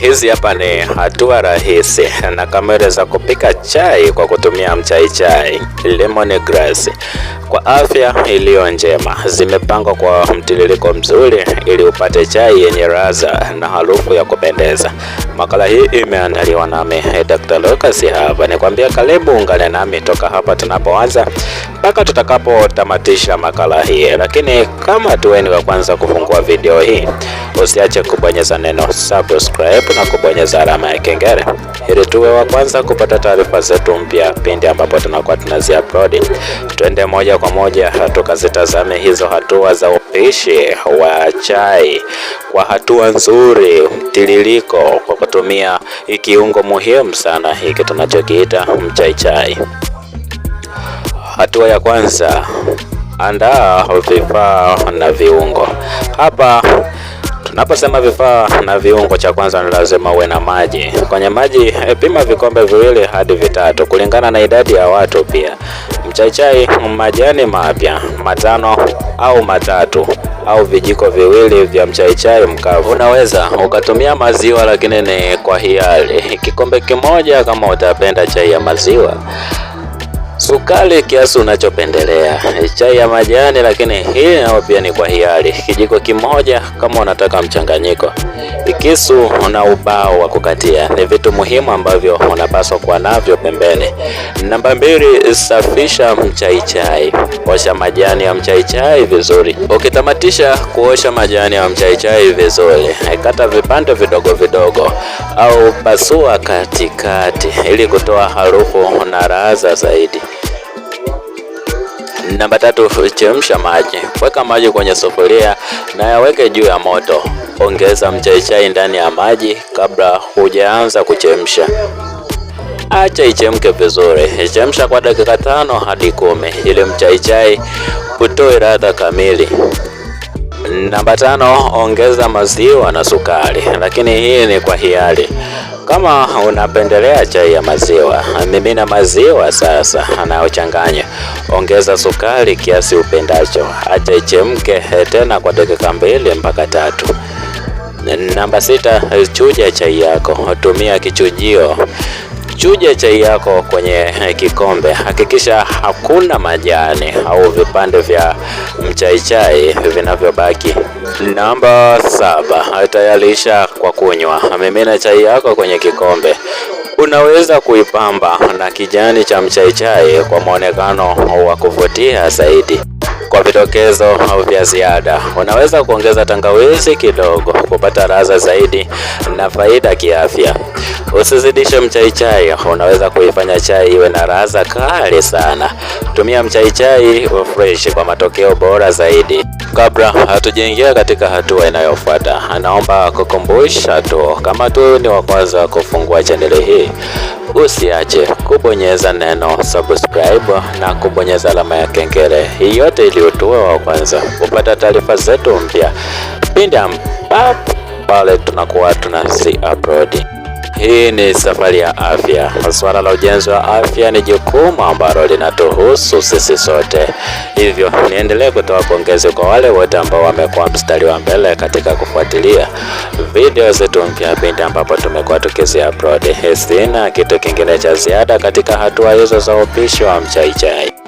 Hizi hapa ni hatua rahisi na kama za kupika chai kwa kutumia mchaichai, grass kwa afya iliyo njema. Zimepangwa kwa mtiririko mzuri ili upate chai yenye raza na harufu ya kupendeza. Makala hii imeandaliwa nami eh, Dr. Lucas hapa nikwambia, karibu ungane nami toka hapa tunapoanza mpaka tutakapotamatisha makala hii. Lakini kama tuweni wa kwanza kufungua video hii, usiache kubonyeza neno subscribe na kubonyeza alama ya kengele ili tuwe wa kwanza kupata taarifa zetu mpya pindi ambapo tunakuwa tunazi upload. Tuende moja moja kwa moja tukazitazame hizo hatua za upishi wa chai kwa hatua nzuri, mtiririko, kwa kutumia kiungo muhimu sana hiki tunachokiita mchaichai. Hatua ya kwanza, andaa vifaa na viungo. Hapa Naposema vifaa na viungo, cha kwanza ni lazima uwe na maji. Kwenye maji pima vikombe viwili hadi vitatu kulingana na idadi ya watu. Pia Mchaichai majani mapya matano au matatu au vijiko viwili vya mchaichai mkavu. Unaweza ukatumia maziwa, lakini ni kwa hiari, kikombe kimoja kama utapenda chai ya maziwa. Sukari kiasi unachopendelea. Chai ya majani, lakini hii nayo pia ni kwa hiari, kijiko kimoja kama unataka mchanganyiko kisu na ubao wa kukatia. Ni vitu muhimu ambavyo unapaswa kuwa navyo pembeni. Namba mbili, safisha mchaichai. Osha majani ya mchaichai vizuri. Ukitamatisha kuosha majani ya mchaichai vizuri, kata vipande vidogo vidogo au pasua katikati ili kutoa harufu na raza zaidi. Namba tatu, chemsha maji. Weka maji kwenye sufuria na yaweke juu ya moto ongeza mchaichai ndani ya maji kabla hujaanza kuchemsha. Acha ichemke vizuri, chemsha kwa dakika tano hadi kumi ili mchaichai utoe ladha kamili. Namba tano, ongeza maziwa na sukari, lakini hii ni kwa hiari. Kama unapendelea chai ya maziwa, mimi na maziwa sasa na Ongeza sukari kiasi upendacho, acha ichemke tena kwa dakika mbili mpaka tatu. Namba sita, chuja chai yako, tumia kichujio. Chuja chai yako kwenye eh, kikombe, hakikisha hakuna majani au vipande vya mchaichai vinavyobaki. Namba saba, tayarisha kwa kunywa. Mimina chai yako kwenye kikombe. Unaweza kuipamba na kijani cha mchaichai kwa mwonekano wa kuvutia zaidi. Kwa vidokezo au vya ziada, unaweza kuongeza tangawizi kidogo kupata raza zaidi na faida kiafya. Usizidishe mchaichai, unaweza kuifanya chai iwe na raza kali sana. Tumia mchaichai fresh kwa matokeo bora zaidi kabla hatujaingia katika hatua inayofuata, anaomba kukumbusha tu kama tu ni wa kwanza kufungua chaneli hii, usiache kubonyeza neno subscribe na kubonyeza alama ya kengele. Hii yote ili utuwe wa kwanza kupata taarifa zetu mpya pindi pale tunakuwa tunasi upload. Hii ni Safari ya Afya. Suala la ujenzi wa afya ni jukumu ambalo linatuhusu sisi sote, hivyo niendelee kutoa pongezi kwa wale wote ambao wamekuwa mstari wa mbele katika kufuatilia video zetu mpya pindi ambapo tumekuwa tukizi upload. Sina kitu kingine cha ziada katika hatua hizo za upishi wa mchaichai.